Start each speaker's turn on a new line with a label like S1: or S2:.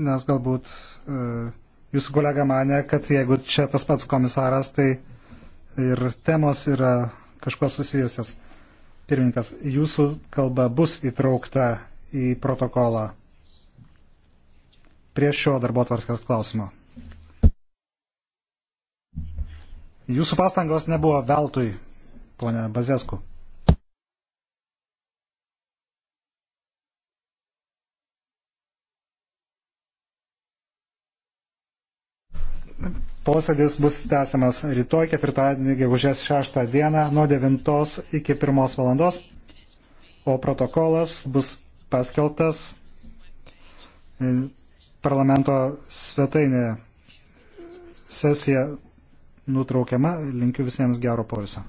S1: nes galbūt e, jūsų kolega mane, kad jeigu čia tas pats komisaras, tai ir temos yra kažkuo susijusios. Pirmininkas, jūsų kalba bus įtraukta į protokolą prie šio darbo tvarkės klausimo. Jūsų pastangos nebuvo veltui, ponia Bazesku. Posėdis bus tęsiamas rytoj, ketvirtadienį, gegužės 6 dieną, nuo 9 iki 1 valandos, o protokolas bus paskeltas e, parlamento svetainėje. Sesija nutraukiama. Linkiu visiems gero poilsio.